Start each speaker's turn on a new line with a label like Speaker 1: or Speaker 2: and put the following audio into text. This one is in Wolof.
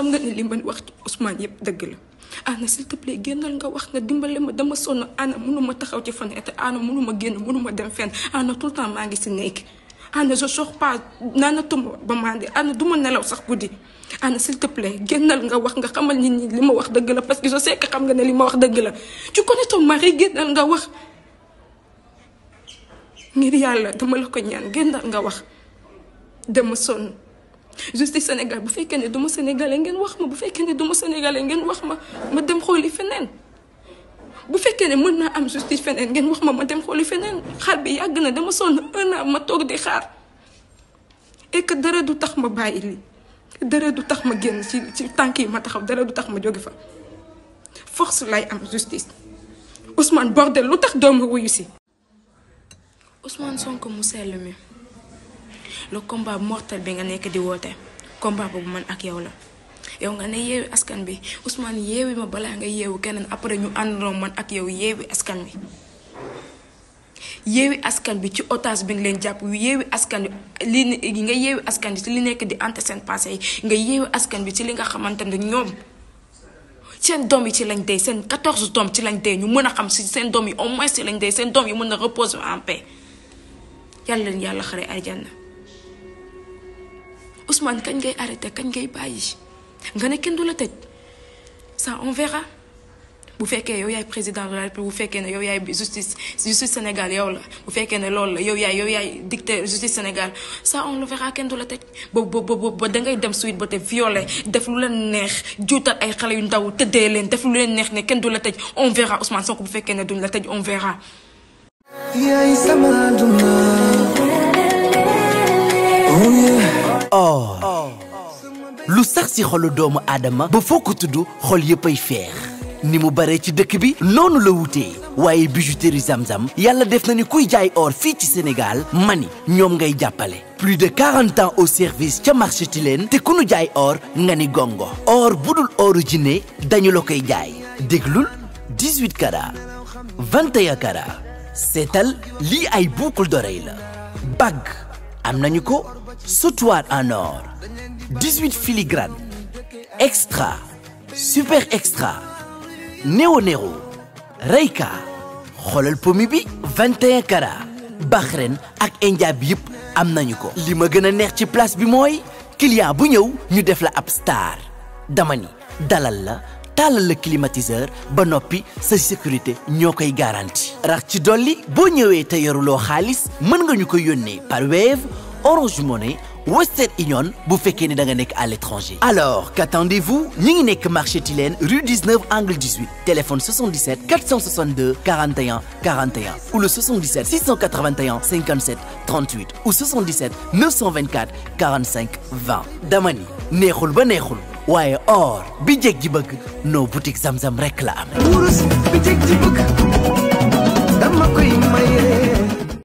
Speaker 1: xam nga ne li ma wax ci Ousmane yëpp dëgg la Anna s'il te plaît génnal nga wax nga dimbale ma dama sonn Anna mënuma taxaw ci fenêtre Anna mënuma génn mënuma dem fenn Anna tout le temps maa ngi si nekk Anna je sors pas naana tumb ba mandi Anna du ma nelaw sax guddi Anna s'il te génnal nga wax nga xamal nit ñi li ma wax dëgg la parce que je sais que xam nga ne li ma wax dëgg la tu connais ton mari génnal nga wax ngir yàlla dama la ko ñaan génnal nga wax dama sonn justice Sénégal bu fekkee ne du ma sénégalais ngeen wax ma bu fekkee ne duma ma ngeen wax ma ma dem xooli feneen bu fekkee ne mën naa am justice feneen ngeen wax ma ma dem xooli feneen xaar bi yàgg na dama sonn un an ma toog di xaar et que dara du tax ma bàyyi lii dara du tax ma génn ci ci tànk yi ma taxaw dara du tax ma jóge fa force lay am justice Ousmane bordel lu tax doomu wuyu si Ousmane Sonko mu sell mi le combat mortel bi nga nekk di woote combat boobu man ak yow la. yow nga ne yeewi askan bi Ousmane yeewi ma balaa nga yeewu keneen après ñu àndandoo man ak yow yeewi askan wi yeewi askan bi ci otage bi nga leen jàpp yeewi askan bi li nga yeewi askan bi ci li nekk di ante seen passé yi nga yeewi askan ci li nga xamante ne ñoom seen doom yi ci lañ dee seen 14 doom ci lañ dee ñu mën a xam si seen doom yi au moins ci lañ dee seen doom yi mën a reposer en paix yàlla leen yàlla xare àjjana Ousmane kañ ngay arrêté kañ ngay bàyyi nga ne kenn du la tëj ça on verra bu fekkee yow yaay président de la république bu fekkee ne yow yaay justice justice Sénégal yow la bu fekkee ne loolu la yow yaay yow yaay dicté justice Sénégal ça on le verra kenn du la tëj ba ba ba da ngay dem suite ba te violé def lu leen neex juutal ay xale yu ndaw tëddee leen def lu leen neex ne kenn du la tëj on verra Ousmane Sonko bu fekkee ne du la tëj on verra.
Speaker 2: or lu sax si xolu doomu aadama ba foo ko tudd xol yëpp ay feex ni mu bare ci dëkk bi noonu la wutee waaye bijouterie zamzam yàlla def na ni kuy jaay or fii ci Sénégal mani ñoom ngay jàppale plus de 40 ans au service ca marché Tilène te ku nu jaay or nga ni gongo or budul oru jinne dañu la koy jaay déglul 18 carats 21 carats seetal lii ay boucle d'oreille la bague am nañu ko sautoir en or 18 filigrane extra super extra néo néo reyka xoolal pomi bi 21 carats Bahreïn ak India bi yëpp am nañu ko. li ma gën a neex ci place bi mooy client bu ñëw ñu def la ab star dama ni dalal la tàllal la climatiseur ba noppi sa sécurité ñoo koy garanti. rax ci dolli boo ñëwee te yoruloo xaalis mën nga ñu ko yónnee par Orange Money Western Union bu fekkee ni da nga nekk à l'étranger alors qu'attendez-vous ñi ngi nekk marché Tilène rue 19 angle 18 téléphone 77 462 41 41 ou le 77 681 57 38 ou 77 924 45 20 damani neexul ba neexul waaye or bi jeg ji bëgg no boutique Zamzam rek la am wurus
Speaker 1: bi jeg ji bëgg dama koy maye